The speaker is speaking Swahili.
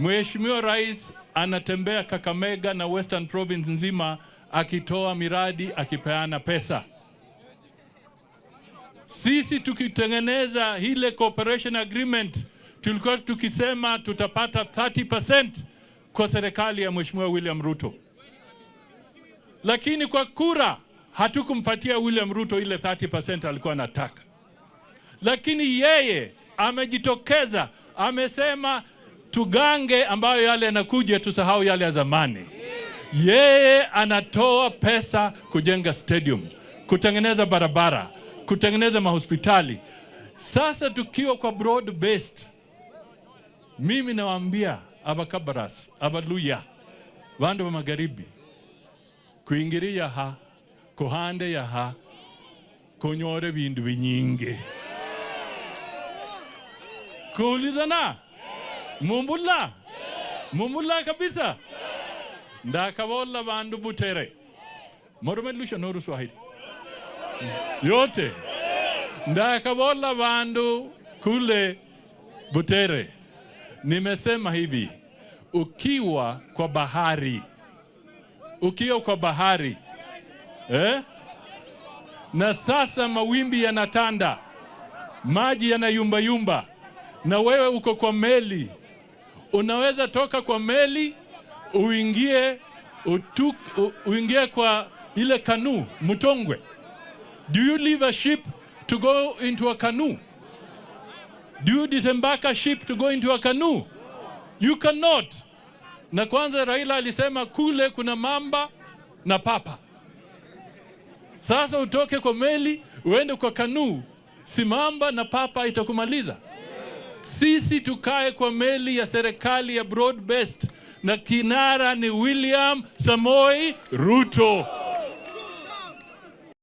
Mheshimiwa Rais anatembea Kakamega na Western Province nzima akitoa miradi, akipeana pesa. Sisi tukitengeneza ile cooperation agreement tulikuwa tukisema tutapata 30% kwa serikali ya Mheshimiwa William Ruto, lakini kwa kura hatukumpatia William Ruto ile 30% alikuwa anataka, lakini yeye amejitokeza amesema tugange ambayo yale yanakuja, tusahau yale ya zamani. Yeye anatoa pesa kujenga stadium, kutengeneza barabara, kutengeneza mahospitali. Sasa tukiwa kwa broad based, mimi nawaambia abakabaras abaluya vandu wa magharibi kuingiri yaha kuhande yaha kunyore vindu vinyingi kuulizana mumbula mumbula kabisa ndakabola bandu butere morumelusha noru Swahili yote ndakabola bandu kule Butere. Nimesema hivi, ukiwa kwa bahari, ukiwa kwa bahari eh? na sasa mawimbi yanatanda, maji yanayumbayumba, na wewe uko kwa meli unaweza toka kwa meli uingie, utuk, u, uingie kwa ile kanuu mtongwe. Do you leave a ship to go into a canoe? Do you disembark a ship to go into a canoe? You cannot. Na kwanza Raila alisema kule kuna mamba na papa. Sasa utoke kwa meli uende kwa kanuu, si mamba na papa itakumaliza. Sisi tukae kwa meli ya serikali ya broad based na kinara ni William Samoi Ruto.